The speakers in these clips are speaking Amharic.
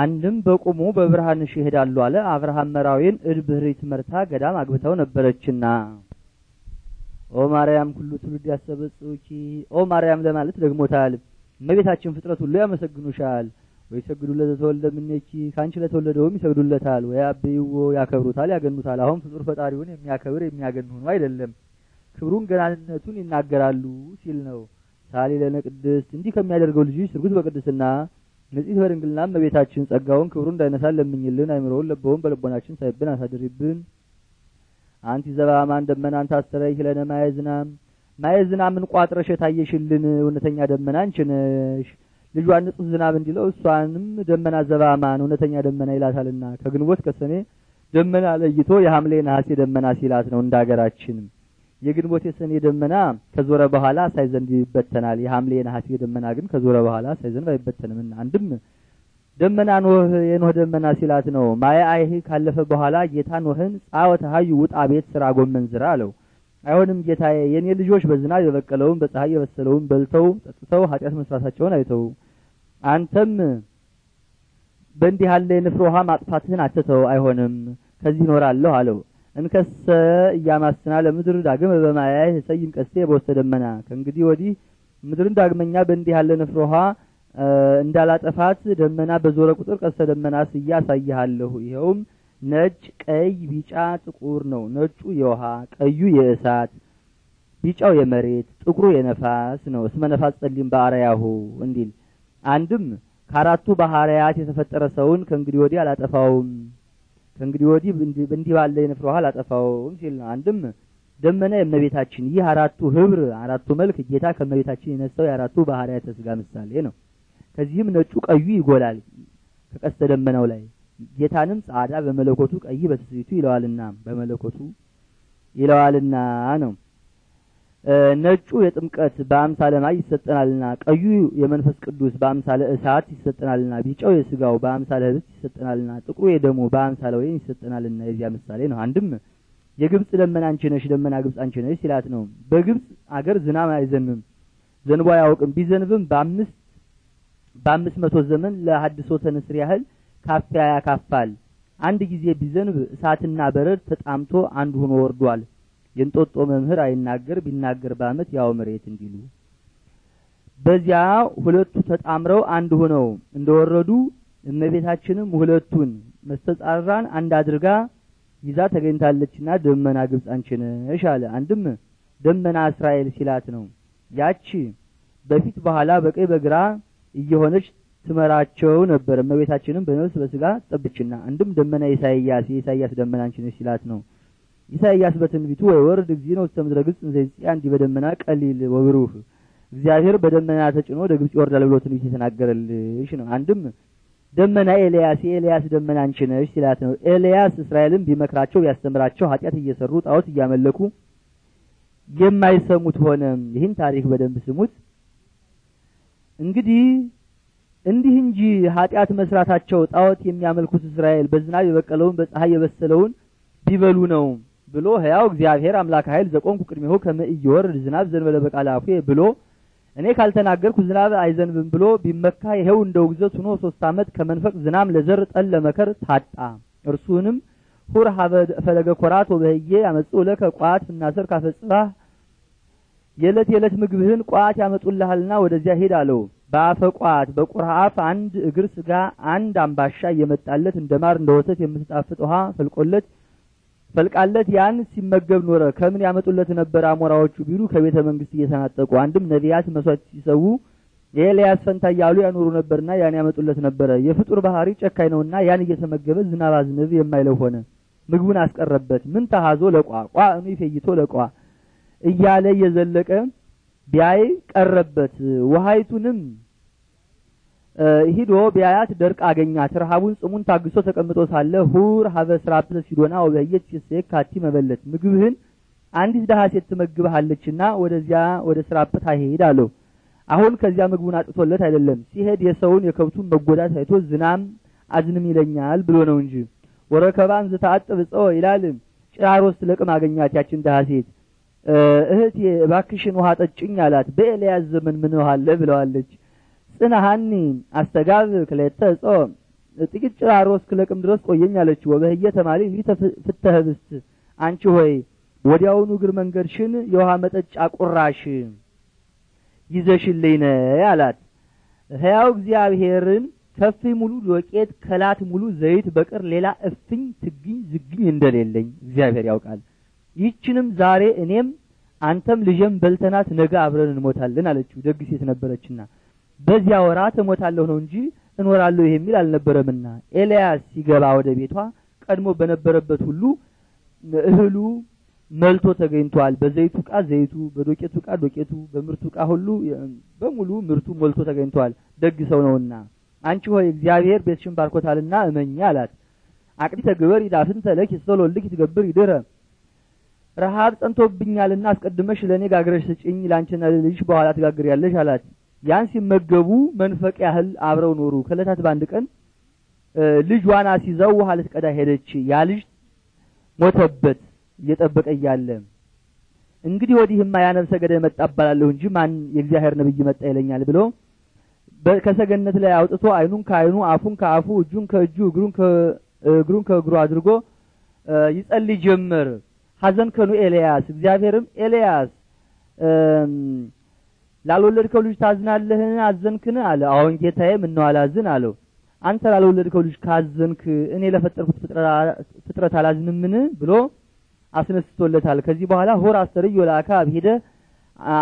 አንድም በቁሙ በብርሃንሽ ይሄዳሉ አለ። አብርሃም መራዊን እድብሪት መርታ ገዳም አግብተው ነበረችና ኦ ማርያም ሁሉ ትውልድ ያሰበጽውኪ ኦ ማርያም ለማለት ደግሞታል። እመቤታችን ፍጥረት ሁሉ ያመሰግኑሻል። ወይ ሰግዱ ለተወልደ ምኔኪ ካንቺ ለተወለደውም ይሰግዱለታል። ወይ አብይዎ ያከብሩታል፣ ያገኑታል። አሁን ፍጡር ፈጣሪውን የሚያከብር የሚያገኑ ነው አይደለም ክብሩን ገናንነቱን ይናገራሉ ሲል ነው። ሳሊ ለነ ቅድስት እንዲህ ከሚያደርገው ልጅ ስርጉት በቅድስና ስለዚህ በድንግልና እመቤታችን ጸጋውን ክብሩ እንዳይነሳ ለምኝልን። አይምሮውን ለቦውን በልቦናችን ሳይብን አሳድሪብን። አንቲ ዘበአማን ደመና አንተ አስተረይ ለነ ማየዝናም ማየዝናምን ቋጥረሽ የታየሽልን እውነተኛ ደመና አንቺ ነሽ። ልጇን ዝናብ እንዲለው እሷንም ደመና ዘባማን እውነተኛ ደመና ይላታልና ከግንቦት ከሰኔ ደመና ለይቶ የሐምሌ ነሐሴ ደመና ሲላት ነው እንዳገራችንም የግንቦት የሰኔ ደመና ከዞረ በኋላ ሳይዘንብ ይበተናል። የሐምሌ የነሐሴ ደመና ግን ከዞረ በኋላ ሳይዘንብ አይበተንምና አንድም ደመና ኖህ የኖህ ደመና ሲላት ነው። ማየ አይህ ካለፈ በኋላ ጌታ ኖህን ጻወተ ሀዩ ውጣ ቤት ስራ ጎመን ዝራ አለው። አይሆንም ጌታዬ፣ የኔ ልጆች በዝናብ የበቀለውን በፀሐይ የበሰለውን በልተው ጠጥተው ኃጢአት መስራታቸውን አይተው አንተም በእንዲህ ያለ የንፍሮ ውሃ ማጥፋትህን አትተው፣ አይሆንም ከዚህ እኖራለሁ አለው። እንከሰ እያማስና ለምድር ዳግም በማያ የሰይን ቀስቴ በወሰደ ደመና ከእንግዲህ ወዲህ ምድርን ዳግመኛ በእንዲህ ያለ ንፍር ውሃ እንዳላጠፋት ደመና በዞረ ቁጥር ቀስተ ደመና ስዬ አሳይሃለሁ። ይኸውም ነጭ፣ ቀይ፣ ቢጫ፣ ጥቁር ነው። ነጩ የውሃ ቀዩ የእሳት ቢጫው የመሬት ጥቁሩ የነፋስ ነው። እስመ ነፋስ ጸሊም በአርያሁ እንዲል አንድም ከአራቱ ባህርያት የተፈጠረ ሰውን ከእንግዲህ ወዲህ አላጠፋውም ከእንግዲህ ወዲህ እንዲህ ባለ የንፍር ውሃ አላጠፋውም ሲል ነው። አንድም ደመና የእመቤታችን ይህ አራቱ ህብር አራቱ መልክ ጌታ ከእመቤታችን የነሳው የአራቱ ባህርያተ ተስጋ ምሳሌ ነው። ከዚህም ነጩ ቀዩ ይጎላል ከቀስተ ደመናው ላይ ጌታንም ጻዳ በመለኮቱ ቀይ በትስብእቱ ይለዋልና በመለኮቱ ይለዋልና ነው። ነጩ የጥምቀት በአምሳለ ማይ ይሰጠናልና፣ ቀዩ የመንፈስ ቅዱስ በአምሳለ እሳት ይሰጠናልና፣ ቢጫው የስጋው በአምሳለ ህብስት ይሰጠናልና፣ ጥቁሩ የደሙ በአምሳለ ወይን ይሰጠናልና። የዚያ ምሳሌ ነው። አንድም የግብፅ ደመና አንቺ ነሽ፣ ደመና ግብፅ አንቺ ነሽ ሲላት ነው። በግብፅ አገር ዝናብ አይዘንብም፣ ዘንቦ አያውቅም። ቢዘንብም በአምስት በአምስት መቶ ዘመን ለሀድሶ ተንስር ያህል ካፊያ ያካፋል። አንድ ጊዜ ቢዘንብ እሳትና በረድ ተጣምቶ አንድ ሆኖ ወርዷል። የእንጦጦ መምህር አይናገር ቢናገር በአመት ያው መሬት እንዲሉ በዚያ ሁለቱ ተጣምረው አንድ ሆነው እንደወረዱ እመቤታችንም ሁለቱን መስተጻራን አንድ አድርጋ ይዛ ተገኝታለችና ደመና ግብጽ አንቺ ነሽ አለ። አንድም ደመና እስራኤል ሲላት ነው። ያቺ በፊት በኋላ በቀኝ በግራ እየሆነች ትመራቸው ነበር። እመቤታችንም በነፍስ በስጋ ጠብችና አንድም ደመና ኢሳይያስ የኢሳይያስ ደመና አንቺ ነሽ ሲላት ነው። ኢሳይያስ በትንቢቱ ወይወርድ እግዚእነ ውስተ ምድረ ግብፅ እንዘ ይጽአ እንዲህ በደመና ቀሊል ወብሩህ እግዚአብሔር በደመና ተጭኖ ወደ ግብጽ ይወርዳል ብሎ ትንቢት የተናገረልሽ ነው። አንድም ደመና ኤልያስ የኤልያስ ደመና አንቺ ነሽ ሲላት ነው። ኤልያስ እስራኤልን ቢመክራቸው ቢያስተምራቸው ኃጢአት እየሰሩ ጣዖት እያመለኩ የማይሰሙት ሆነ። ይህን ታሪክ በደንብ ስሙት። እንግዲህ እንዲህ እንጂ ኃጢአት መስራታቸው ጣዖት የሚያመልኩት እስራኤል በዝናብ የበቀለውን በፀሐይ የበሰለውን ቢበሉ ነው። ብሎ ሕያው እግዚአብሔር አምላክ ኃይል ዘቆምኩ ቅድሜሁ ከመእየወርድ ዝናብ ዘንበለ በቃለ ብሎ እኔ ካልተናገርኩ ዝናብ አይዘንብም ብሎ ቢመካ ይሄው እንደ ውግዘት ሆኖ ሶስት ዓመት ከመንፈቅ ዝናም ለዘር ጠል ለመከር ታጣ። እርሱንም ሁር ፈለገ ኮራት ወበህዬ ያመጽኡ ለከ ቋት እናስር ካፈጽባ የዕለት የዕለት ምግብህን ቋት ያመጡልሃልና ወደዚያ ሄድ አለው። በአፈ ቋት አፍ አንድ እግር ስጋ አንድ አምባሻ እየመጣለት እንደ ማር እንደ ወተት የምትጣፍጥ ውሃ ፈልቆለት ፈልቃለት ያን ሲመገብ ኖረ። ከምን ያመጡለት ነበር አሞራዎቹ ቢሉ ከቤተ መንግስት እየተናጠቁ አንድም ነቢያት መስዋዕት ሲሰዉ የኤልያስ ፈንታ እያሉ ያኖሩ ነበርና ያን ያመጡለት ነበረ። የፍጡር ባህሪ ጨካኝ ነውና ያን እየተመገበ ዝናብ አዝንብ የማይለው ሆነ። ምግቡን አስቀረበት። ምን ተሃዞ ቋ እኑ ይፈይቶ ለቋ እያለ እየዘለቀ ቢያይ ቀረበት። ውሃይቱንም ሂዶ ቢያያት ደርቅ አገኛት። ረሃቡን ጽሙን ታግሶ ተቀምጦ ሳለ ሁር ሀበ ስራፕ ሲዶና ወበየት ሲሴክ ካቲ መበለት ምግብህን አንዲት ደሃ ሴት ትመግብሃለችና ወደዚያ ወደ ስራፕ ታሄድ አለው። አሁን ከዚያ ምግቡን አጥቶለት አይደለም ሲሄድ የሰውን የከብቱን መጎዳት አይቶ ዝናም አዝንም ይለኛል ብሎ ነው እንጂ ወረከባን ዝታጥብጾ ጸወ ይላል። ጭራሮስ ለቅም አገኛት ያችን ደሃ ሴት እህት እባክሽን ውሃ ጠጭኝ አላት። በኤልያስ ዘመን ምን ውሃ አለ ብለዋለች። ጽንሃኒ አስተጋብ ክለተ ጾም ጥቂት ጭራሮስ ክለቅም ድረስ ቆየኝ አለችው። ወበህየ ተማሊ ፍትህ ብስት አንቺ ሆይ ወዲያውኑ እግር መንገድሽን የውሃ መጠጫ ቁራሽ ይዘሽልኝ ነይ አላት። ሕያው እግዚአብሔርን ከፍ ሙሉ ሎቄት ከላት ሙሉ ዘይት በቀር ሌላ እፍኝ ትግኝ ዝግኝ እንደሌለኝ እግዚአብሔር ያውቃል። ይህችንም ዛሬ እኔም አንተም ልጄም በልተናት ነገ አብረን እንሞታለን አለችው። ደግ ሴት ነበረችና በዚያ ወራት እሞታለሁ ነው እንጂ እኖራለሁ የሚል አልነበረምና ኤልያስ ሲገባ ወደ ቤቷ ቀድሞ በነበረበት ሁሉ እህሉ መልቶ ተገኝቷል። በዘይቱ ዕቃ ዘይቱ፣ በዶቄቱ ዕቃ ዶቄቱ፣ በምርቱ ዕቃ ሁሉ በሙሉ ምርቱ ሞልቶ ተገኝቷል። ደግ ሰው ነውና አንቺ ሆይ እግዚአብሔር ቤትሽን ባርኮታልና እመኛ አላት። አቅዲተ ግበር ይዳፍን ተለክ ይስተሎልክ ይትገብር ይድረ ረሃብ ጸንቶብኛልና አስቀድመሽ ለእኔ ጋግረሽ ስጭኝ፣ ለአንቺና ለልጅሽ በኋላ ያለሽ አላት። ያን ሲመገቡ መንፈቅ ያህል አብረው ኖሩ። ከለታት በአንድ ቀን ልጇን አስይዛው ውሃ ልትቀዳ ሄደች። ያ ልጅ ሞተበት እየጠበቀ እያለ እንግዲህ ወዲህማ ያ ነብሰ ገዳይ መጣ እባላለሁ እንጂ ማን የእግዚአብሔር ነብይ መጣ ይለኛል ብሎ ከሰገነት ላይ አውጥቶ አይኑን ከአይኑ አፉን ከአፉ እጁን ከእጁ እግሩን ከእግሩ አድርጎ ይጸልይ ጀመር። ሀዘን ከኑ ኤልያስ እግዚአብሔርም ኤልያስ ላልወለድከው ልጅ ታዝናለህን አዘንክን አለ አሁን ጌታዬ ነው አላዝን አለው አንተ ላልወለድከው ልጅ ካዘንክ እኔ ለፈጠርኩት ፍጥረት አላዝንምን ብሎ አስነስቶለታል ከዚህ በኋላ ሆር አስተርዮ ለአክዓብ ሄደ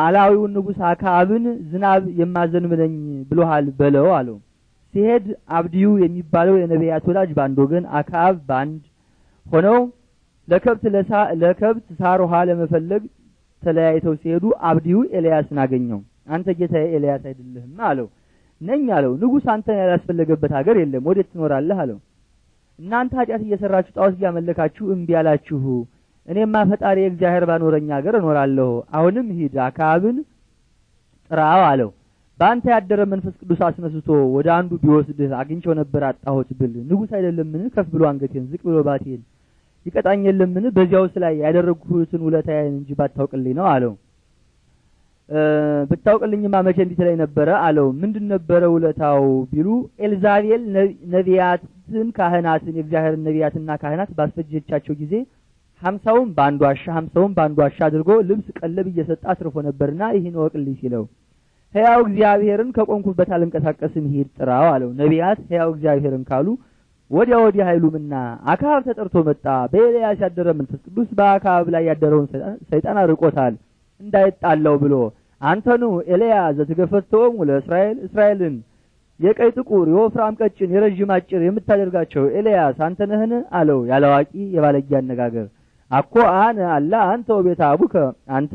አላዊውን ንጉስ አካብን ዝናብ የማዘን ነኝ ብሎሃል በለው አለው ሲሄድ አብድዩ የሚባለው የነቢያት ወላጅ በአንድ ወገን አካብ በአንድ ሆነው ለከብት ለከብት ሳር ውሃ ለመፈለግ ተለያይተው ሲሄዱ አብዲዩ ኤልያስን አገኘው። አንተ ጌታዬ ኤልያስ አይደለህም አለው። ነኝ አለው። ንጉሥ አንተን ያላስፈለገበት ሀገር የለም፣ ወዴት ትኖራለህ አለው። እናንተ ኃጢአት እየሰራችሁ ጣዖት እያመለካችሁ እምቢ አላችሁ። እኔማ ፈጣሪ እግዚአብሔር ባኖረኝ ሀገር እኖራለሁ። አሁንም ሂድ አካብን ጥራው አለው። በአንተ ያደረ መንፈስ ቅዱስ አስነስቶ ወደ አንዱ ቢወስድህ አግኝቸው ነበር አጣሁት ብል ንጉሥ አይደለምን? ከፍ ብሎ አንገቴን ዝቅ ብሎ ባቴን ይቀጣኝ የለምን? በዚያውስ ላይ ያደረግሁትን ውለታዬን እንጂ ባታውቅልኝ ነው አለው። ብታውቅልኝማ መቼ እንዲት ላይ ነበረ አለው። ምንድን ነበረ ውለታው ቢሉ ኤልዛቤል ነቢያትን፣ ካህናትን የእግዚአብሔርን ነቢያትና ካህናት ባስፈጀቻቸው ጊዜ ሀምሳውን በአንድ ዋሻ ሀምሳውን በአንድ ዋሻ አድርጎ ልብስ ቀለብ እየሰጠ አትርፎ ነበርና ይህን እወቅልኝ ሲለው ሕያው እግዚአብሔርን ከቆምኩበት አልንቀሳቀስም ሂድ ጥራው አለው። ነቢያት ሕያው እግዚአብሔርን ካሉ ወዲያ ወዲህ አይሉምና አካብ ተጠርቶ መጣ። በኤልያስ ያደረ መንፈስ ቅዱስ ላይ ያደረውን ሰይጣን አርቆታል እንዳይጣላው ብሎ አንተኑ ኤልያ ዘትገፈትተወሙ ለእስራኤል እስራኤልን የቀይ ጥቁር የወፍራም ቀጭን የረዥም አጭር የምታደርጋቸው ኤልያስ አንተ ነህን አለው ያለዋቂ የባለጌ አነጋገር አኮ አነ አላ አንተ ወቤታ አቡከ አንተ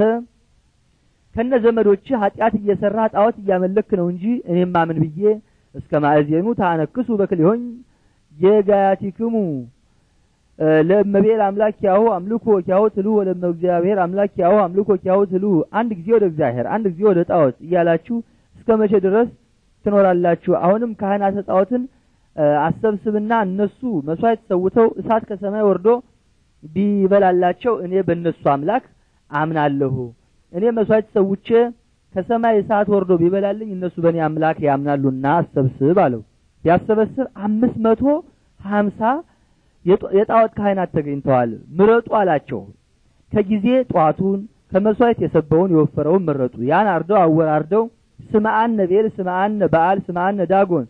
ከነ ዘመዶች ኃጢአት እየሰራ ጣዖት እያመለክ ነው እንጂ እኔማ ምን ብዬ እስከ ማእዜኑ ታነክሱ በክል ይሆኝ የጋያቲክሙ ለእመቤል አምላክ ያሁ አምልኮ ያሁ ትሉ ወለመ እግዚአብሔር አምላክ ያሁ አምልኮ ያሁ ትሉ አንድ ጊዜ ወደ እግዚአብሔር አንድ ጊዜ ወደ ጣዖት እያላችሁ እስከ መቼ ድረስ ትኖራላችሁ? አሁንም ካህናተ ጣዖትን አሰብስብና እነሱ መስዋዕት ሰውተው እሳት ከሰማይ ወርዶ ቢበላላቸው እኔ በእነሱ አምላክ አምናለሁ። እኔ መስዋዕት ሰውቼ ከሰማይ እሳት ወርዶ ቢበላልኝ እነሱ በእኔ አምላክ ያምናሉና አሰብስብ አለው። ያሰበስብ አምስት መቶ ሀምሳ የጣዖት ካህናት ተገኝተዋል፣ ምረጡ አላቸው። ከጊዜ ጧቱን ከመስዋዕት የሰበውን የወፈረውን መረጡ። ያን አርደው አወራርደው ስምአነ ቤል ስምአነ በዓል ስምአነ ዳጎን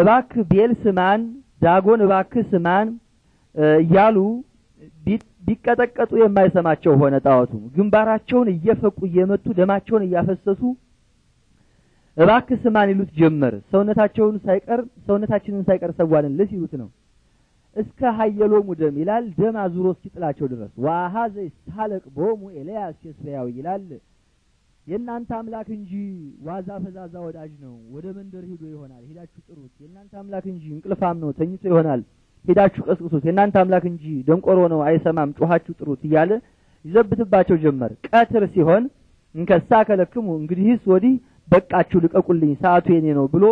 እባክ ቤል ስማን ዳጎን እባክ ስማን እያሉ ቢቀጠቀጡ የማይሰማቸው ሆነ። ጣዖቱ ግንባራቸውን እየፈቁ እየመቱ ደማቸውን እያፈሰሱ እባክህ ስማን ይሉት ጀመር። ሰውነታቸውን ሳይቀር ሰውነታችንን ሳይቀር ሰዋልን ይሉት ነው። እስከ ሀየሎሙ ደም ይላል ደም አዙሮ እስኪጥላቸው ድረስ ዋሃዘ ይስታለቅ ቦሙ ኤልያስ የስሪያዊ ይላል። የእናንተ አምላክ እንጂ ዋዛ ፈዛዛ ወዳጅ ነው። ወደ መንደር ሂዶ ይሆናል ሄዳችሁ ጥሩት። የእናንተ አምላክ እንጂ እንቅልፋም ነው ተኝቶ ይሆናል ሄዳችሁ ቀስቅሱት። የእናንተ አምላክ እንጂ ደንቆሮ ነው አይሰማም፣ ጮኋችሁ ጥሩት እያለ ይዘብትባቸው ጀመር። ቀትር ሲሆን እንከሳ ከለክሙ እንግዲህስ ወዲህ በቃችሁ ልቀቁልኝ ሰዓቱ የኔ ነው ብሎ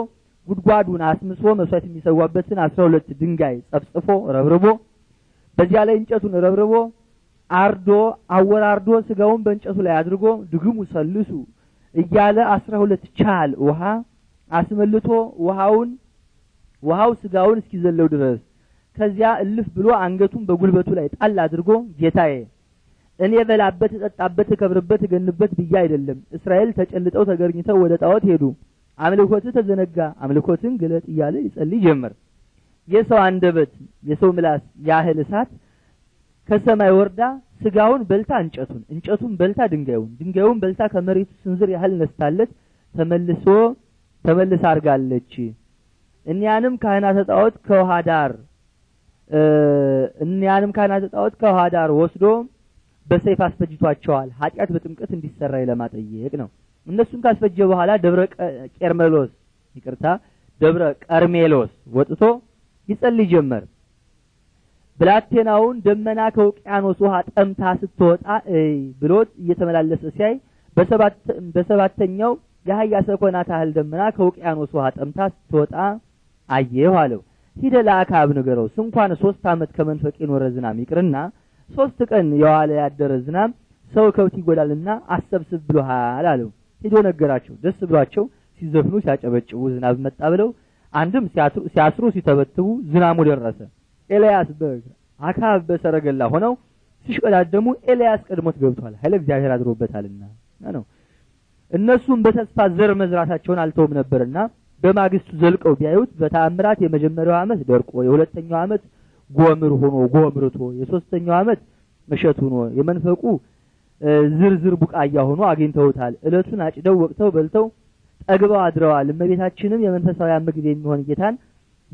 ጉድጓዱን አስምሶ መስዋዕት የሚሰዋበትን አስራ ሁለት ድንጋይ ጸፍጽፎ ረብርቦ በዚያ ላይ እንጨቱን ረብርቦ አርዶ አወራርዶ ስጋውን በእንጨቱ ላይ አድርጎ ድግሙ ሰልሱ እያለ አስራ ሁለት ቻል ውሃ አስመልቶ ውሃውን ውሃው ስጋውን እስኪዘለው ድረስ ከዚያ እልፍ ብሎ አንገቱን በጉልበቱ ላይ ጣል አድርጎ ጌታዬ እኔ በላበት እጠጣበት እከብርበት እገንበት ብዬ አይደለም። እስራኤል ተጨልጠው ተገርኝተው ወደ ጣዖት ሄዱ። አምልኮት ተዘነጋ፣ አምልኮትን ግለጥ እያለ ይጸልይ ጀመር። የሰው አንደበት፣ የሰው ምላስ ያህል እሳት ከሰማይ ወርዳ ስጋውን በልታ እንጨቱን፣ እንጨቱን በልታ ድንጋዩን፣ ድንጋዩን በልታ ከመሬቱ ስንዝር ያህል ነስታለት ተመልሶ ተመልስ አድርጋለች። እኒያንም ካህናተ ጣዖት ከውሃ ዳር እኒያንም ካህናተ ጣዖት ከውሃ ዳር ወስዶ በሰይፍ አስፈጅቷቸዋል። ኃጢአት በጥምቀት እንዲሰራ ለማጠየቅ ነው። እነሱን ካስፈጀ በኋላ ደብረ ቄርሜሎስ ይቅርታ፣ ደብረ ቀርሜሎስ ወጥቶ ይጸልይ ጀመር። ብላቴናውን ደመና ከውቅያኖስ ውሃ ጠምታ ስትወጣ ብሎት እየተመላለሰ ሲያይ በሰባተኛው የአህያ ሰኮና ታህል ደመና ከውቅያኖስ ውሃ ጠምታ ስትወጣ አየሁ አለው። ሂደ ለአካብ ንገረው ስንኳን ሶስት ዓመት ከመንፈቅ የኖረ ዝናም ይቅርና ሶስት ቀን የዋለ ያደረ ዝናብ ሰው ከብት ይጎዳልና አሰብስብ ብሎሃል አለው። ሄዶ ነገራቸው። ደስ ብሏቸው ሲዘፍኑ ሲያጨበጭቡ ዝናብ መጣ ብለው አንድም ሲያስሩ ሲተበትቡ ዝናሙ ደረሰ። ኤልያስ አካብ በሰረገላ ሆነው ሲሽቀዳደሙ ኤልያስ ቀድሞት ገብቷል፣ ኃይለ እግዚአብሔር አድሮበታልና ነው። እነሱም በተስፋ ዘር መዝራታቸውን አልተውም ነበርና በማግስቱ ዘልቀው ቢያዩት በተአምራት የመጀመሪያው ዓመት ደርቆ የሁለተኛው ዓመት ጎምር ሆኖ ጎምርቶ የሶስተኛው ዓመት መሸት ሆኖ የመንፈቁ ዝርዝር ቡቃያ ሆኖ አግኝተውታል። እለቱን አጭደው ወቅተው በልተው ጠግበው አድረዋል። እመቤታችንም የመንፈሳውያን ምግብ የሚሆን ጌታን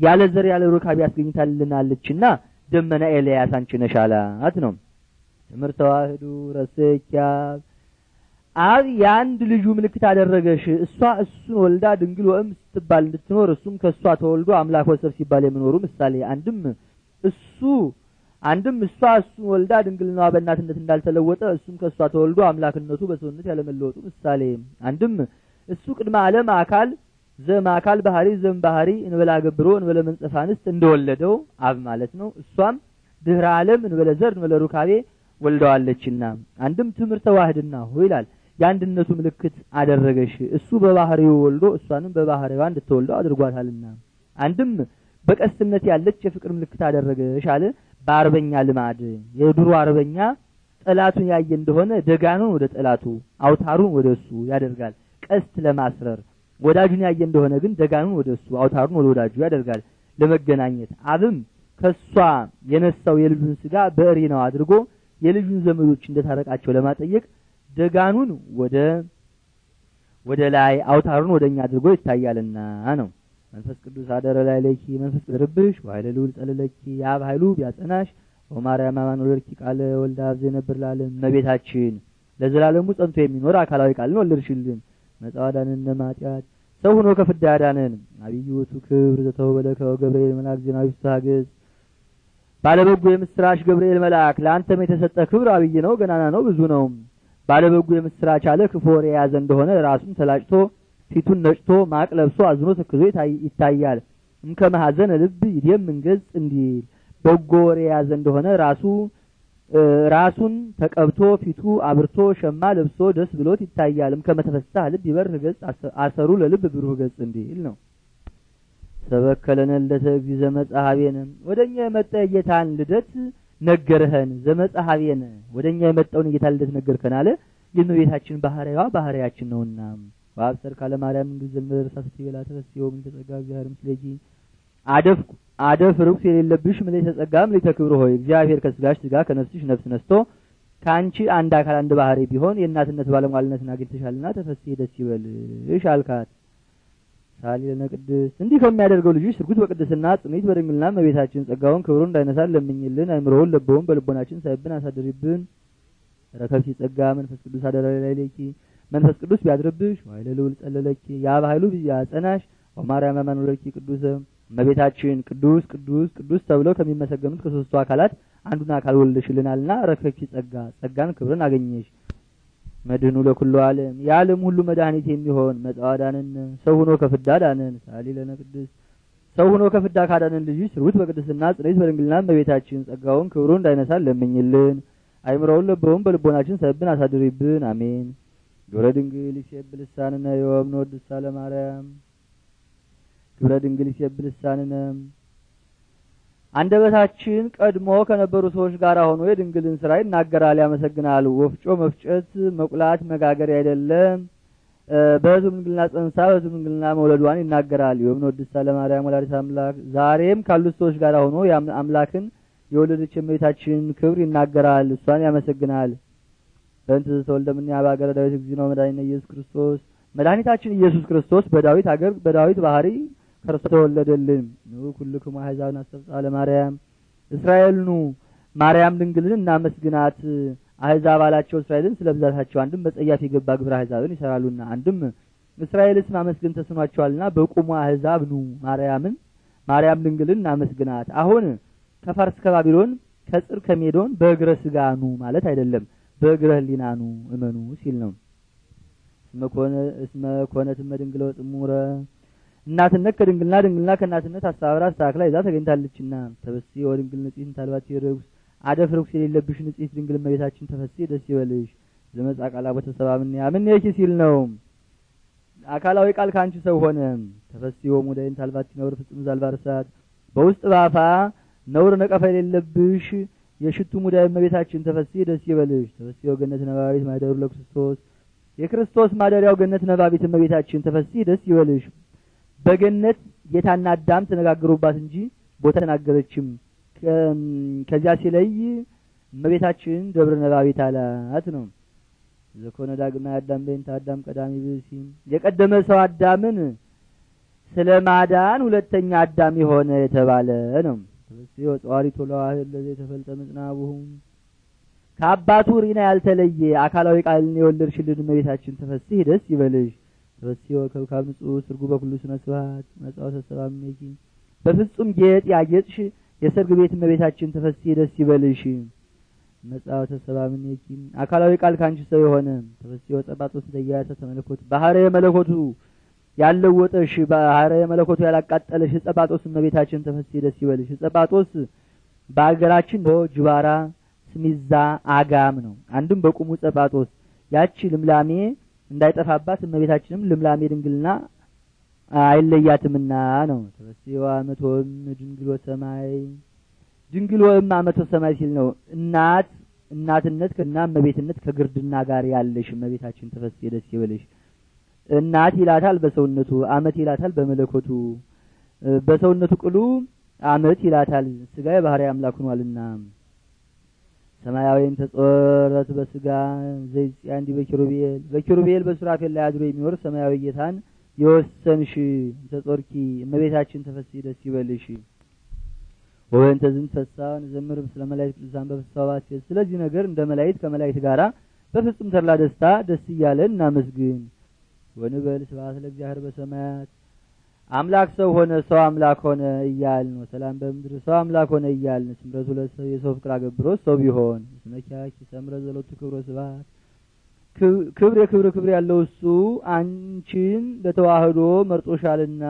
ያለ ዘር ያለ ሩካቤ ያስገኝታልናለችና ደመና ኤልያስ አንቺ ነሽ አላት ነው። ትምህርት ተዋህዱ ረሰኪያ አብ የአንድ ልጁ ምልክት አደረገሽ። እሷ እሱን ወልዳ ድንግል ወእም ስትባል እንድትኖር እሱም ከእሷ ተወልዶ አምላክ ወሰብ ሲባል የሚኖሩ ምሳሌ አንድም እሱ አንድም እሷ እሱ ወልዳ ድንግልናዋ በእናትነት እንዳልተለወጠ እሱም ከእሷ ተወልዶ አምላክነቱ በሰውነት ያለመለወጡ ምሳሌ አንድም እሱ ቅድመ ዓለም አካል ዘም አካል ባህሪ ዘም ባህሪ እንበላ ገብሮ እንበለ መንጸፍ አንስት እንደወለደው አብ ማለት ነው። እሷም ድህረ ዓለም እንበለ ዘር እንበለ ሩካቤ ወልደዋለችና አንድም ትምህርተ ዋህድና ሆ ይላል የአንድነቱ ምልክት አደረገሽ። እሱ በባህሪው ወልዶ እሷንም በባህሪዋ እንድትወልደው አድርጓታልና አንድም በቀስትነት ያለች የፍቅር ምልክት አደረገሽ አለ። በአርበኛ ልማድ የድሮ አርበኛ ጠላቱን ያየ እንደሆነ ደጋኑን ወደ ጠላቱ አውታሩን ወደ እሱ ያደርጋል፣ ቀስት ለማስረር። ወዳጁን ያየ እንደሆነ ግን ደጋኑን ወደ እሱ አውታሩን ወደ ወዳጁ ያደርጋል፣ ለመገናኘት። አብም ከሷ የነሳው የልጁን ስጋ በእሪ ነው አድርጎ የልጁን ዘመዶች እንደታረቃቸው ለማጠየቅ ደጋኑን ወደ ወደ ላይ አውታሩን ወደኛ አድርጎ ይታያልና ነው። መንፈስ ቅዱስ አደረ ላይ ለኪ መንፈስ ርብሽ በኃይለ ልዑል ጸለለኪ የአብ ኃይሉ ቢያጸናሽ ወማርያም አማን ቃለ ወልደ አብ ዘነብር ለዓለም መቤታችን ለዘላለሙ ጸንቶ የሚኖር አካላዊ ቃልን ወለድሽልን መጻዋዳንን ማጥያት ሰው ሆኖ ከፍዳ ያዳነን አብይ ውእቱ ክብር ዘተወበለ ገብርኤል መልአክ ዜናዊ ስታገዝ ባለበጎ የምስራች ገብርኤል መልአክ ለአንተም የተሰጠ ክብር አብይ ነው፣ ገናና ነው፣ ብዙ ነው። ባለበጎ የምስራች አለ ክፉ ወሬ የያዘ እንደሆነ ራሱን ተላጭቶ ፊቱን ነጭቶ ማቅ ለብሶ አዝኖ ተክዞ ይታያል። እምከመሐዘነ ልብ ይደም እንገጽ እንዲል በጎ ወሬ የያዘ እንደሆነ ራሱ ራሱን ተቀብቶ ፊቱ አብርቶ ሸማ ለብሶ ደስ ብሎት ይታያል። እምከመተፈሳህ ልብ ይበርህ ገጽ አሰሩ ለልብ ብሩህ ገጽ እንዲል ነው። ሰበከለነ ልደተ እግዚእ ዘመጽሐቤነ ወደኛ የመጣ የጌታን ልደት ነገርህን ዘመጽሐቤነ ወደኛ የመጣውን የጌታን ልደት ነገርከን አለ። የእመቤታችን ባህሪዋ ባህሪያችን ነውና በአብ ጽድቅ አለማርያም እንድዘምር ሳስቲ በላ ተፈስዮ ምን ተጸጋ እግዚአብሔር ምስሌጂ አደፍኩ አደፍ ርኩስ የሌለብሽ ምን ተጸጋ ምለ ተክብር ሆይ እግዚአብሔር ከስጋሽ ስጋ ከነፍስሽ ነፍስ ነስቶ ከአንቺ አንድ አካል አንድ ባህሪ ቢሆን የእናትነት ባለሟልነትን አግኝተሻልና ተፈስቲ ደስ ይበልሽ አልካት። ሳሊ ለነ ቅድስት እንዲህ ከሚያደርገው ልጅሽ ስርጉት በቅድስና ጽኑት በድንግልና መቤታችን ጸጋውን ክብሩን እንዳይነሳል ለምኝልን። አይምሮውን ለበውን በልቦናችን ሳይብን አሳድሪብን ረከብሽ ጸጋ መንፈስ ቅዱስ አደራ ላይ ሌኪ መንፈስ ቅዱስ ቢያድርብሽ ኃይለ ልዑል ጸለለኪ የአብ ኃይሉ ቢያጸናሽ ወማርያም አማኑለኪ ቅዱስ እመቤታችን ቅዱስ ቅዱስ ቅዱስ ተብለው ከሚመሰገኑት ከሶስቱ አካላት አንዱን አካል ወልደሽልናልና ረከብኪ ጸጋ ጸጋን ክብርን አገኘሽ። መድህኑ ለኩሉ ዓለም የዓለም ሁሉ መድኃኒት የሚሆን መጻዋዳንን ሰው ሆኖ ከፍዳ ዳንን ሳሊ ለነ ቅዱስ ሰው ሆኖ ከፍዳ ካዳንን ልጅ ስርውት በቅድስና ጽሬት በድንግልና እመቤታችን ጸጋውን ክብሩን እንዳይነሳል ለምኝልን። አይምረውን ለበውን በልቦናችን ሰብን አሳድሪብን አሜን። ግብረ ድንግል ይሴብ ልሳንነ የወብኖ ወድሳ ለማርያም ግብረ ድንግል ይሴብ ልሳንነም አንደበታችን ቀድሞ ከነበሩ ሰዎች ጋር ሆኖ የድንግልን ስራ ይናገራል፣ ያመሰግናል። ወፍጮ መፍጨት፣ መቁላት፣ መጋገር አይደለም። በህዝብ ድንግልና ጸንሳ በህዝብ ድንግልና መውለዷን ይናገራል። የወብነ ወድሳ ለማርያም ወላዲተ አምላክ ዛሬም ካሉት ሰዎች ጋር ሆኖ አምላክን የወለደች የእመቤታችን ክብር ይናገራል፣ እሷን ያመሰግናል። በእንት ተወልደ እምኔሃ በሀገረ ዳዊት እግዚእነ መድኃኒነ ኢየሱስ ክርስቶስ መድኃኒታችን ኢየሱስ ክርስቶስ በዳዊት አገር በዳዊት ባህሪ ከርሱ ተወለደልን። ኑ ኩልክሙ አሕዛብን አስተብጽአ ለማርያም እስራኤል ኑ ማርያም ድንግልን እናመስግናት። አሕዛብ አላቸው እስራኤልን ስለ ብዛታቸው፣ አንድም በጸያፍ የገባ ግብረ አሕዛብን ይሰራሉና፣ አንድም እስራኤልስ ማመስገን ተስኗቸዋልና በቁሙ አሕዛብ ኑ ማርያምን ማርያም ድንግልን እናመስግናት። አሁን ከፋርስ ከባቢሎን ከጽር ከሜዶን በእግረ ስጋ ኑ ማለት አይደለም በእግረ ህሊናኑ እመኑ ሲል ነው። እስመ ኮነት መድንግለ ወጽሙረ እናትነት ከድንግልና ድንግልና ከእናትነት አስተባብራ አስተካክላ ይዛ ተገኝታለችና ተበሲ ወድንግል ንጽሕት ታልባት የርኩስ አደፍ ርኩስ የሌለብሽ ንጽሕት ድንግል እመቤታችን ተፈሲ ደስ ይበልሽ ዘመጻ ቃላ በተሰባ ምን ያምን ይቺ ሲል ነው። አካላዊ ቃል ከአንቺ ሰው ሆነ። ወሙ ወሙዳይን ታልባት ነውር ፍጹም ዛልባርሳት በውስጥ ባፋ ነውር ነቀፈ የሌለብሽ የሽቱ ሙዳይ እመቤታችን ተፈሲ ደስ ይበልሽ ተፈሲ ወገነት ነባቢት ማደሩ ለክርስቶስ የክርስቶስ ማደሪያው ገነት ነባቢት እመቤታችን ተፈሲ ደስ ይበልሽ በገነት ጌታና አዳም ተነጋገሩባት እንጂ ቦታ ተናገረችም ከዚያ ሲለይ እመቤታችን ደብረ ነባቢት አላት ነው ዘኮነ ዳግማ አዳም በእንተ አዳም ቀዳሚ ብእሲ የቀደመ ሰው አዳምን ስለማዳን ሁለተኛ አዳም የሆነ የተባለ ነው ርእሲ ወጽዋሪቶ ለዋህል ለዘ ተፈልጠ ምጽናቡሁም ከአባቱ ሪና ያልተለየ አካላዊ ቃልን የወለድሽልን እመቤታችን ተፈስሒ ደስ ይበልሽ። ተፈስሒ ወከብካብ ንጹህ ስርጉ በኩሉ ስነ ስብሐት መጻው ተሰባሜኪ በፍጹም ጌጥ ያጌጥሽ የሰርግ ቤት እመቤታችን ተፈስሒ ደስ ይበልሽ። መጻው ተሰባሜኪ አካላዊ ቃል ካንቺ ሰው የሆነ ተፈስሒ ወጸባጦስ ዘያተ ተመለኮት ባህረ መለኮቱ ያለወጠሽ ባህረ መለኮቱ ያላቃጠለሽ ጸባጦስ እመቤታችን ተፈሥሒ ደስ ይበልሽ። ጸባጦስ በአገራችን ጅባራ ስሚዛ አጋም ነው። አንድም በቁሙ ጸባጦስ ያቺ ልምላሜ እንዳይጠፋባት እመቤታችንም ልምላሜ ድንግልና አይለያትምና ነው። ተፈሥሒ አመቶም ድንግሎ ሰማይ ድንግል ወእም አመቶ ሰማይ ሲል ነው እናት እናትነት እና እመቤትነት ከግርድና ጋር ያለሽ እመቤታችን ተፈሥሒ ደስ ይበልሽ። እናት ይላታል በሰውነቱ አመት ይላታል በመለኮቱ በሰውነቱ ቅሉ አመት ይላታል ስጋ የባህሪ አምላክ ሆኗልና ሰማያዊን ተጾረት በስጋ ዘይጽያ እንዲ በኪሩቤል በኪሩቤል በሱራፌል ላይ አድሮ የሚኖር ሰማያዊ ጌታን የወሰንሽ ተጾርኪ እመቤታችን ተፈሲ ደስ ይበልሽ። ወይን ዝንት ፈሳን ዘምር ስለ መላእክት ልሳን በፍሳባት ስለዚህ ነገር እንደ መላእክት ከመላእክት ጋራ በፍጹም ተድላ ደስታ ደስ እያለን እናመስግን። ወንበል ስብሐት ለእግዚአብሔር በሰማያት አምላክ ሰው ሆነ ሰው አምላክ ሆነ እያል ነው። ሰላም በምድር ሰው አምላክ ሆነ እያል ነው። ስምረቱ ለሰው የሰው ፍቅር አገብሮ ሰው ቢሆን ስመቻች ሰምረ ዘሎቱ ክብረ ስብሐት ክብር የክብር ክብር ያለው እሱ አንቺን በተዋህዶ መርጦሻልና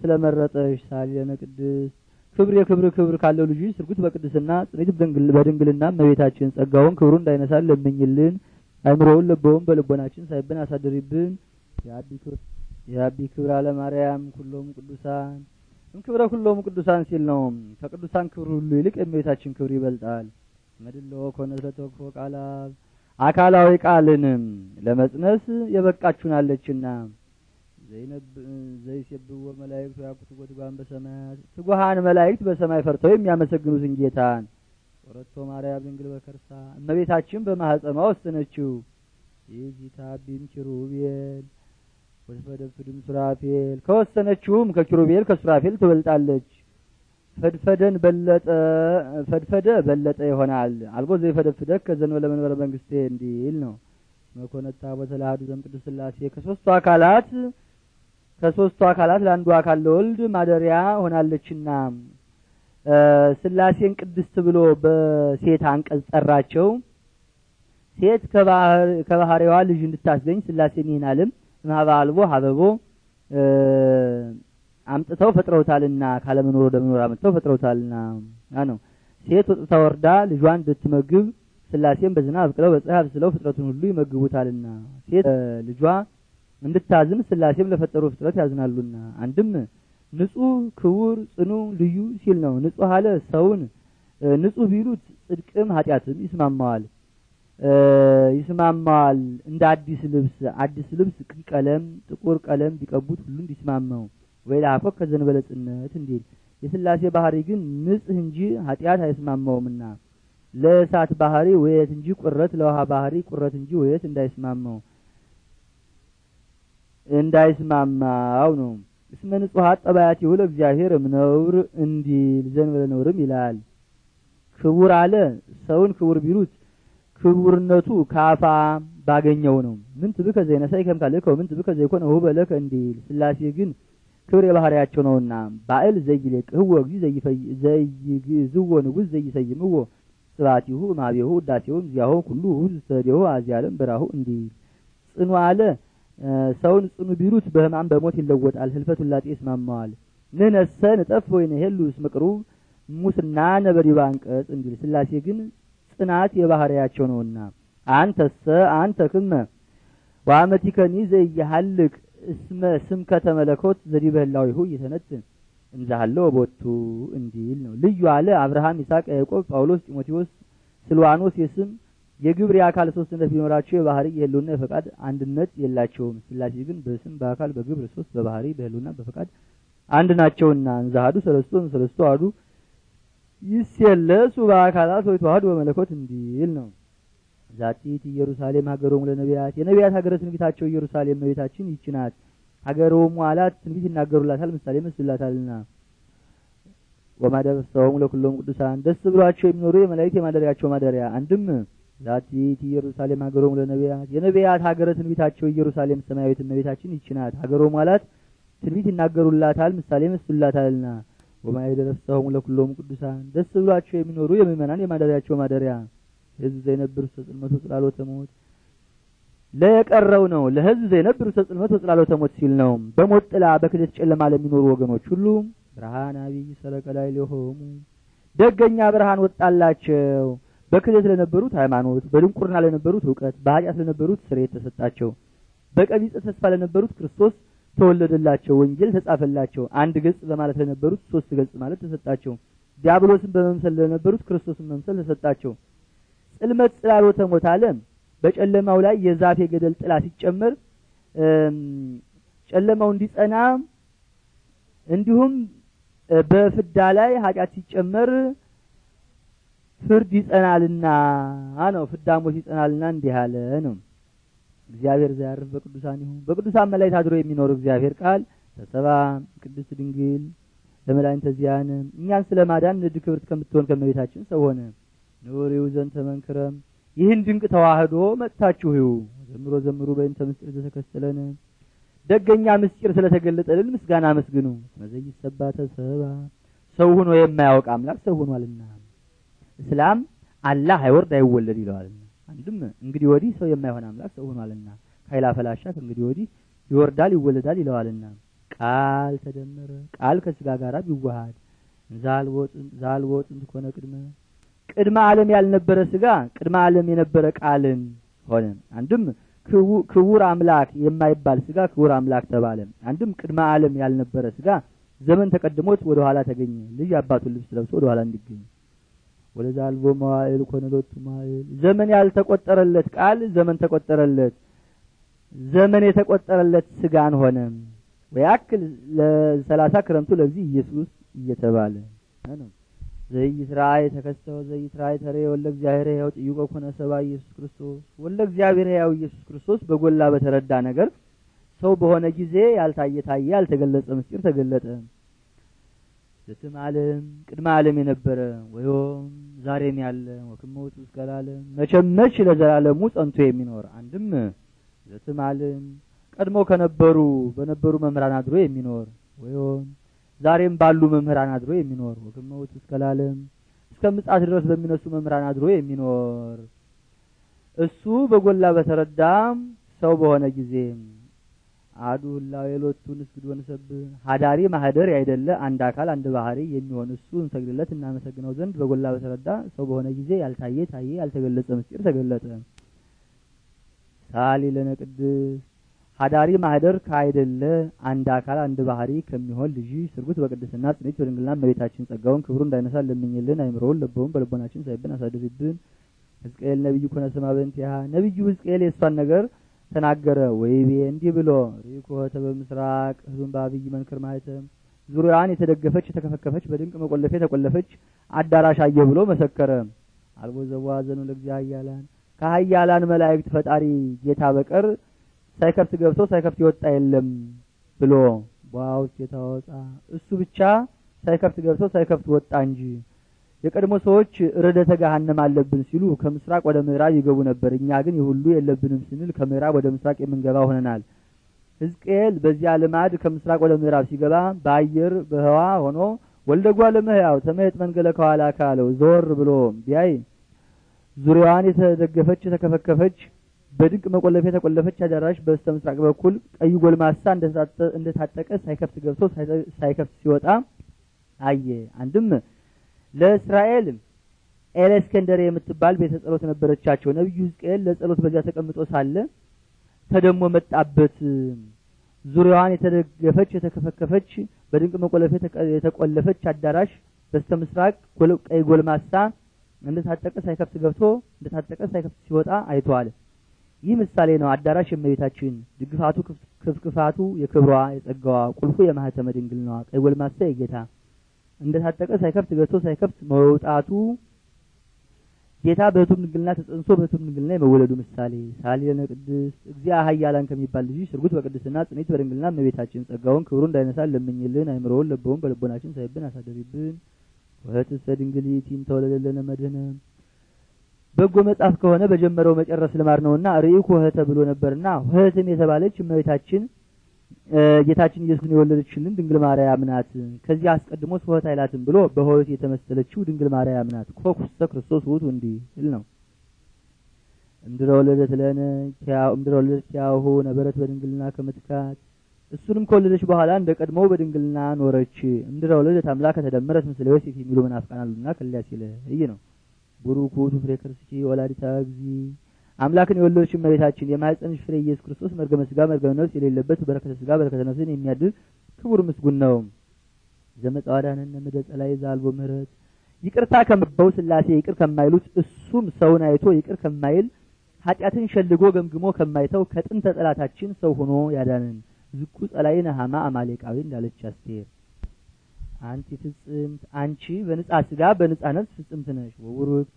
ስለመረጠሽ ሳሊለነ ቅድስት ክብር የክብር ክብር ካለው ልጅ ስርጉት በቅድስና ጽኔት በድንግልና እመቤታችን ጸጋውን ክብሩን እንዳይነሳል ለምኝልን። አይምሮውን ልቦውን በልቦናችን ሳይብን አሳድሪብን። የአቢ ክብር አለማርያም ኩሎም ቅዱሳን እምክብረ ኩሎም ቅዱሳን ሲል ነው። ከቅዱሳን ክብር ሁሉ ይልቅ የእመቤታችን ክብር ይበልጣል። መድሎ ኮነ ለተወክፎ ቃላብ አካላዊ ቃልንም ለመጽነስ የበቃችሁናለችና ዘይሴብዎ መላእክት ያቁት ትጓን በሰማያት ትጉሃን መላእክት በሰማይ ፈርተው የሚያመሰግኑትን ጌታን ወረቶ ማርያም ድንግል በከርሳ እመቤታችን በማህፀማ ወስነችው ይህ ዚታ ቢም ኪሩቤል ወድፈደብድም ሱራፌል ከወሰነችውም ከኪሩቤል ከሱራፌል ትበልጣለች። ፈድፈደን በለጠ ፈድፈደ በለጠ ይሆናል። አልቦ ዘይፈደፍደ ከዘንበለ መንበረ መንግስቴ እንዲል ነው። መኮነታ በተላህዱ ዘምቅዱስ ሥላሴ ከሶስቱ አካላት ከሶስቱ አካላት ለአንዱ አካል ለወልድ ማደሪያ ሆናለችና ስላሴን ቅድስት ብሎ በሴት አንቀጽ ጠራቸው። ሴት ከባህሪዋ ልጅ እንድታስገኝ ስላሴን ይህን ዓለም ስማባ አልቦ ሀበቦ አምጥተው ፈጥረውታልና ካለመኖር ወደ መኖር አምጥተው ፈጥረውታልና ነው። ሴት ወጥታ ወርዳ ልጇን ብትመግብ ስላሴን በዝናብ አብቅለው በፀሐይ አብስለው ፍጥረቱን ሁሉ ይመግቡታልና ሴት ልጇ እንድታዝን ስላሴም ለፈጠሩ ፍጥረት ያዝናሉና። አንድም ንጹህ ክቡር፣ ጽኑ፣ ልዩ ሲል ነው። ንጹሕ አለ ሰውን ንጹህ ቢሉት ጽድቅም ኃጢአትም ይስማማዋል። ይስማማዋል እንደ አዲስ ልብስ አዲስ ልብስ ቀይ ቀለም ጥቁር ቀለም ቢቀቡት ሁሉ እንዲስማማው ወይ ላፈ ከዘንበለጽነት እንዲል የስላሴ ባህሪ ግን ንጽህ እንጂ ኃጢአት አይስማማውምና ለእሳት ባህሪ ወየት እንጂ ቁረት ለውሃ ባህሪ ቁረት እንጂ ወየት እንዳይስማማው እንዳይስማማው ነው እስመ ንጹሐት ጠባያቲሁ እግዚአብሔር እምነውር እንዲል ዘንበለ ነውርም ይላል ክቡር አለ ሰውን ክቡር ቢሉት ክቡርነቱ ካፋ ባገኘው ነው። ምን ትብከ ዘይነሳይከም ካልእከው ምን ትብከ ኮነ ሁበ ለከ እንዲል ስላሴ ግን ክብር የባህሪያቸው ነውና ህወ ባዕል ዘይሌቅህዎ እግዚእ ዘይግዝዎ ንጉሥ ዘይሰይምዎ ጽባቲሁ ማቤሁ ውዳሴሁ እግዚአሁ ሁሉ ሁዝ ተዲሁ አዚያለም ብራሁ እንዲል ጽኑ አለ ሰውን ጽኑ ቢሉት በህማም በሞት ይለወጣል። ህልፈቱ ላጤ ይስማማዋል። ንነሰ ንጠፍ ወይ ሄሉስ ምቅሩ ሙስና ነበሪባ አንቀጽ እንዲል ስላሴ ግን ጽናት የባህሪያቸው ነውና አንተሰ አንተ ክመ ወአመቲከኒ ዘያሃልቅ እስመ ስም ከተመለኮት ይሁ እየተነትን እንዛሃለ ወቦቱ እንዲል ነው ልዩ አለ አብርሃም ይስሐቅ ያዕቆብ ጳውሎስ ጢሞቴዎስ ስልዋኖስ የስም የግብር የአካል ሶስትነት ቢኖራቸው የባህሪ የህልውና የፈቃድ አንድነት የላቸውም ስላሴ ግን በስም በአካል በግብር ሶስት በባህሪ በህልውና በፈቃድ አንድ ናቸውና እንዛሃዱ ሰለስቶ ሰለስቶ አዱ ይሴለሱ በአካላት ወይ ተዋህዶ በመለኮት እንዲል ነው። ዛቲት ኢየሩሳሌም ሀገሮሙ ለነቢያት የነቢያት ሀገረ ትንቢታቸው ኢየሩሳሌም መቤታችን ይቺ ናት። ሀገሮሙ አላት ትንቢት ይናገሩላታል፣ ምሳሌ መስላታልና ወማደበሰውሙ ለኩሎም ቅዱሳን ደስ ብሏቸው የሚኖሩ የመላእክት የማደሪያቸው ማደሪያ አንድም ዛቲት ኢየሩሳሌም ሀገሮሙ ለነቢያት የነቢያት ሀገረ ትንቢታቸው ኢየሩሳሌም ሰማያዊት መቤታችን ይቺ ናት። ሀገሮሙ አላት ትንቢት ይናገሩላታል፣ ምሳሌ መስላታልና ወማይደረሰሁም ለኩሎም ቅዱሳን ደስ ብሏቸው የሚኖሩ የምእመናን የማደሪያቸው ማደሪያ ህዝብ ዘይነብር ውስተ ጽልመት ወጽላሎተ ሞት ለየቀረው ነው። ለህዝብ ዘይነብር ውስተ ጽልመት ወጽላሎተ ሞት ሲል ነው። በሞት ጥላ በክደት ጨለማ ለሚኖሩ ወገኖች ሁሉ ብርሃን አብይ ሰረቀ ላይ ሊሆሙ ደገኛ ብርሃን ወጣላቸው። በክደት ለነበሩት ሃይማኖት፣ በድንቁርና ለነበሩት እውቀት፣ በኃጢአት ለነበሩት ስሬት ተሰጣቸው። በቀቢጸ ተስፋ ለነበሩት ክርስቶስ ተወለደላቸው፣ ወንጌል ተጻፈላቸው። አንድ ገጽ በማለት ለነበሩት ሶስት ገጽ ማለት ተሰጣቸው። ዲያብሎስን በመምሰል ለነበሩት ክርስቶስን መምሰል ተሰጣቸው። ጽልመት ጽላሎተ ሞት በጨለማው ላይ የዛፍ የገደል ጥላ ሲጨመር ጨለማው እንዲጸና እንዲሁም በፍዳ ላይ ኃጢአት ሲጨመር ፍርድ ይጸናልና ነው። ፍዳ ሞት ይጸናልና እንዲህ አለ ነው። እግዚአብሔር ዘያርፍ በቅዱሳን ይሁን። በቅዱሳን መላእክት አድሮ የሚኖር እግዚአብሔር ቃል ተሰባ ቅድስት ድንግል ለመላእክት ዚያን እኛን ስለማዳን ንድ ክብርት ከምትሆን ከመቤታችን ሰው ሆነ ንዑር ዘንድ ተመንክረም ይህን ድንቅ ተዋህዶ መጥታችሁ ይሁ ዘምሮ ዘምሩ በእንተ ምስጢር ዘተከሰለን ደገኛ ምስጢር ስለተገለጠልን ምስጋና አመስግኑ። መዘይ ሰባ ተሰባ ሰው ሆኖ የማያውቅ አምላክ ሰው ሆኗልና እስላም አላህ አይወርድ አይወለድ ይለዋልና አንድም እንግዲህ ወዲህ ሰው የማይሆን አምላክ ሰው ሆኗልና ከኃይል አፈላሻት እንግዲህ ወዲህ ይወርዳል ይወለዳል ይለዋልና ቃል ተደመረ ቃል ከስጋ ጋራ ቢዋሃድ ዛልወ ጽንት ኮነ ቅድመ ቅድመ ዓለም ያልነበረ ስጋ ቅድመ ዓለም የነበረ ቃልን ሆነ። አንድም ክቡር አምላክ የማይባል ስጋ ክቡር አምላክ ተባለ። አንድም ቅድመ ዓለም ያልነበረ ስጋ ዘመን ተቀድሞት ወደኋላ ተገኘ። ልጅ አባቱን ልብስ ለብሶ ወደኋላ እንዲገኝ ወለዛ አልቦ መዋዕል ኮነሎቱ መዋዕል ዘመን ያልተቆጠረለት ቃል ዘመን ተቆጠረለት ዘመን የተቆጠረለት ስጋን ሆነ ወያክል ለሰላሳ ክረምቱ ለጊዜ ኢየሱስ እየተባለ ነው ዘይስራ የተከስተው ተሬ ወለ እግዚአብሔር ሕያው ጥይቆ ኮነ ሰባ ኢየሱስ ክርስቶስ ወለ እግዚአብሔር ሕያው ኢየሱስ ክርስቶስ በጎላ በተረዳ ነገር ሰው በሆነ ጊዜ ያልታየ ታየ፣ ያልተገለጸ ምስጢር ተገለጠ። ዘትም ዓለም ቅድመ ዓለም የነበረ ወይም ዛሬም ያለ ወክመ ውእቱ እስከ ለዓለም መቼም መች ለዘላለሙ ጸንቶ የሚኖር አንድም ዘትም ዓለም ቀድሞ ከነበሩ በነበሩ መምህራን አድሮ የሚኖር ወይም ዛሬም ባሉ መምህራን አድሮ የሚኖር ወክመ ውእቱ እስከ ለዓለም እስከ ምጽአት ድረስ በሚነሱ መምህራን አድሮ የሚኖር እሱ በጎላ በተረዳም ሰው በሆነ ጊዜ አዱ ህላዌ ሎቱ ንስግድ ወንሰብ ሀዳሪ ማህደር ያይደለ አንድ አካል አንድ ባህሪ የሚሆን እሱ እንሰግድለት እናመሰግነው ዘንድ በጎላ በተረዳ ሰው በሆነ ጊዜ ያልታየ ታየ፣ ያልተገለጸ ምስጢር ተገለጠ። ሳሊ ለነ ቅድስት ሀዳሪ ማህደር ካይደለ አንድ አካል አንድ ባህሪ ከሚሆን ልጅ ስርጉት በቅድስና ጽንዕት በድንግልና እመቤታችን ጸጋውን ክብሩ እንዳይነሳ ለምኝልን። አይምሮውን ለበውን በልቦናችን ሳይብን አሳድርብን። ህዝቅኤል ነቢዩ ኮነ ሰማ በእንቲያ ነቢዩ ህዝቅኤል የእሷን ነገር ተናገረ። ወይቤ እንዲህ ብሎ ሪኮተ በምስራቅ ህዝቡን በአብይ መንክር ማይተም ዙሪያዋን የተደገፈች የተከፈከፈች በድንቅ መቆለፌ የተቆለፈች አዳራሽ አየ ብሎ መሰከረ። አልቦ ዘቧዘኑ ለእግዚአ ኃያላን ከኃያላን መላእክት ፈጣሪ ጌታ በቀር ሳይከፍት ገብቶ ሳይከፍት ይወጣ የለም ብሎ ጌታ ወጣ እሱ ብቻ ሳይከፍት ገብቶ ሳይከፍት ወጣ እንጂ የቀድሞ ሰዎች ርዕደተ ገሃነም አለብን ሲሉ ከምስራቅ ወደ ምዕራብ ይገቡ ነበር። እኛ ግን የሁሉ የለብንም ስንል ከምዕራብ ወደ ምስራቅ የምንገባ ሆነናል። ህዝቅኤል በዚያ ልማድ ከምስራቅ ወደ ምዕራብ ሲገባ በአየር በህዋ ሆኖ ወልደጓ ለመህያው ተመየጥ መንገለ ከኋላ ካለው ዞር ብሎ ቢያይ ዙሪያዋን የተደገፈች የተከፈከፈች በድንቅ መቆለፍ የተቆለፈች አዳራሽ በስተ ምስራቅ በኩል ቀይ ጎልማሳ እንደታጠቀ ሳይከፍት ገብቶ ሳይከፍት ሲወጣ አየ። አንድም ለእስራኤልም ኤለስከንደር የምትባል ቤተ ጸሎት ነበረቻቸው። ነቢዩ ሕዝቅኤል ለጸሎት በዚያ ተቀምጦ ሳለ ተደሞ መጣበት። ዙሪያዋን የተደገፈች የተከፈከፈች በድንቅ መቆለፍ የተቆለፈች አዳራሽ በስተ ምስራቅ ቀይ ጎልማሳ እንደታጠቀ ሳይከፍት ገብቶ እንደታጠቀ ሳይከፍት ሲወጣ አይተዋል። ይህ ምሳሌ ነው። አዳራሽ የመቤታችን ድግፋቱ፣ ክፍክፋቱ የክብሯ የጸጋዋ፣ ቁልፉ የማህተመ ድንግልናዋ፣ ቀይ ጎልማሳ የጌታ እንደታጠቀ ሳይከፍት ገዝቶ ሳይከፍት መውጣቱ ጌታ በኅቱም ድንግልና ተጸንሶ በኅቱም ድንግልና የመወለዱ ምሳሌ ሳሊነ ቅድስት እግዚአ ኃያላን ከሚባል ልጅ ስርጉት በቅድስና ጽኔት በድንግልና እመቤታችን ጸጋውን ክብሩን እንዳይነሳን ለምኝልን። አይምሮውን ለበውን በልቦናችን ሳይብን አሳደሪብን። ወህትሰ ድንግሊት ይንተወለደ ለነ መድህነ በጎ መጽሐፍ ከሆነ በጀመረው መጨረስ ልማድ ነውና ርእይኩ ወህተ ብሎ ነበርና ወህትም የተባለች እመቤታችን ጌታችን ኢየሱስን የወለደችልን ድንግል ማርያም ናት። ከዚህ አስቀድሞ ስወት አይላትም ብሎ በሆት የተመሰለችው ድንግል ማርያም ናት። ኮኩስተ ክርስቶስ ውእቱ እንዲል ነው። እምድረ ወለደት ለነ ኪያው እምድረ ወለደት ኪያሁ ነበረት በድንግልና ከመትካት እሱንም ከወለደች በኋላ እንደ ቀድሞው በድንግልና ኖረች። እምድረ ወለደት አምላከ ተደመረት ምስለ ዮሴፍ የሚሉ መናፍቃን አሉና ከሊያ ሲለ እይ ነው ቡሩክ ውእቱ ፍሬ ክርስኪ ወላዲተ እግዚእ አምላክን የወለደችን መሬታችን የማኅፀንሽ ፍሬ ኢየሱስ ክርስቶስ መርገመ ሥጋ መርገመ ነፍስ የሌለበት በረከተ ስጋ በረከተ ነፍስን የሚያድል ክቡር ምስጉን ነው። ዘመጻዋዳንን ምደ ዛልቦ ምህረት ይቅርታ ከመባው ስላሴ ይቅር ከማይሉት እሱም ሰውን አይቶ ይቅር ከማይል ኃጢአትን ሸልጎ ገምግሞ ከማይተው ከጥንተ ጠላታችን ሰው ሆኖ ያዳንን ዝኩ ጸላይ ነሃማ አማሌቃዊ እንዳለች አስቴር አንቺ ፍጽምት አንቺ በንጻ ስጋ በንጻ ነፍስ ፍጽምት ነሽ ወውሩት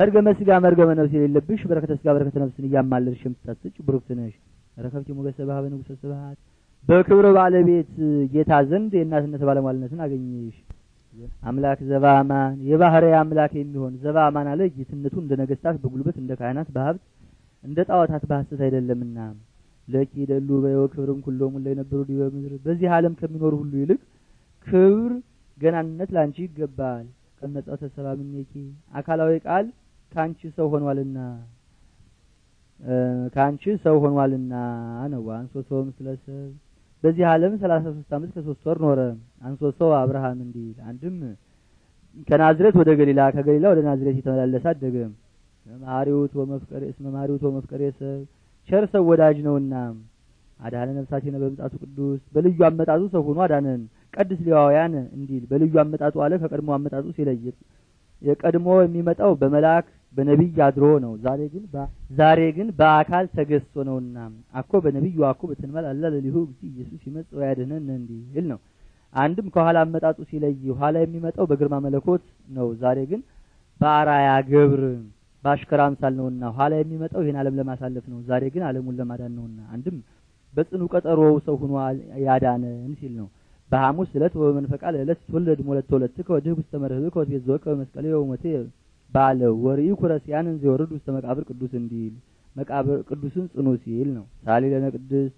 መርገመ ስጋ መርገመ ነፍስ የሌለብሽ በረከተ ስጋ በረከተ ነፍስን እያማለልሽ የምታሰጭ ብሩክት ነሽ። ረከብኪ ሞገሰ ባህበ ንጉሰ ስብሐት በክብረ ባለቤት ጌታ ዘንድ የእናትነት ባለሟልነትን አገኘሽ። አምላክ ዘባማን የባህርይ አምላክ የሚሆን ዘባማን አለ ጌትነቱ እንደ ነገስታት በጉልበት እንደ ካህናት በሀብት እንደ ጣዖታት በሐሰት አይደለምና ለኪ ደሉ በየወ ክብርም ኩሎሙ ለነበሩ ዲበ ምድር በዚህ ዓለም ከሚኖር ሁሉ ይልቅ ክብር ገናንነት ላንቺ ይገባል። ቀነጻ ተሰላምኔኪ አካላዊ ቃል ከአንቺ ሰው ሆኗልና ከአንቺ ሰው ሆኗልና ነው። አንሶሶ ምስለ ሰብ በዚህ ዓለም 33 ሶስት ዓመት ከሶስት ወር ኖረ። አንሶሶ አብርሃም እንዲል አንድም ከናዝሬት ወደ ገሊላ ከገሊላ ወደ ናዝሬት የተመላለሰ አደገ። መሐሪውት ወመፍቀሬ እስመ መሐሪውት ወመፍቀሬ ሰብ ቸር ሰው ወዳጅ ነውና አዳነ ነፍሳችን በመምጣቱ ቅዱስ በልዩ አመጣጡ ሰው ሆኖ አዳነን። ቀድስ ሊዋውያን እንዲል በልዩ አመጣጡ አለ። ከቀድሞ አመጣጡ ሲለይ የቀድሞ የሚመጣው በመላክ በነቢይ አድሮ ነው። ዛሬ ግን ዛሬ ግን በአካል ተገዝቶ ነውና አኮ በነቢዩ አኮ በትንመል አላ ለሊሁ ጊዜ ኢየሱስ ይመጽ ያድነን እንዲል ነው። አንድም ከኋላ አመጣጡ ሲለይ ኋላ የሚመጣው በግርማ መለኮት ነው። ዛሬ ግን በአራያ ገብር በአሽከራ አምሳል ነውና ኋላ የሚመጣው ይህን ዓለም ለማሳለፍ ነው። ዛሬ ግን ዓለሙን ለማዳን ነውና አንድም በጽኑ ቀጠሮው ሰው ሆኖ ያዳነን ሲል ነው። በሐሙስ ዕለት ወበመንፈቃል ዕለት ትወለድ ሞለት ተወለት ከወድህ ውስጥ ተመረህ ከወት ቤት ዘወቅ በመስቀል ወሞቴ ባለው ወርኢኩ ረሲያንን ዘወርዱ ውስተ መቃብር ቅዱስ እንዲል መቃብር ቅዱስን ጽኑ ሲል ነው። ሳሌ ለነ ቅዱስ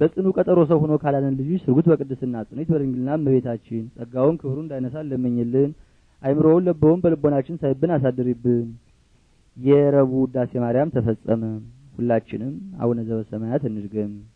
በጽኑ ቀጠሮ ሰው ሆኖ ካላለን ልጅሽ ስርጉት በቅድስና ጽኑት በድንግልና እመቤታችን ጸጋውን ክብሩን እንዳይነሳን ለመኝልን አይምሮውን ለበውን በልቦናችን ሳይብን አሳድሪብን። የረቡዕ ውዳሴ ማርያም ተፈጸመ። ሁላችንም አቡነ ዘበሰማያት እንድገም።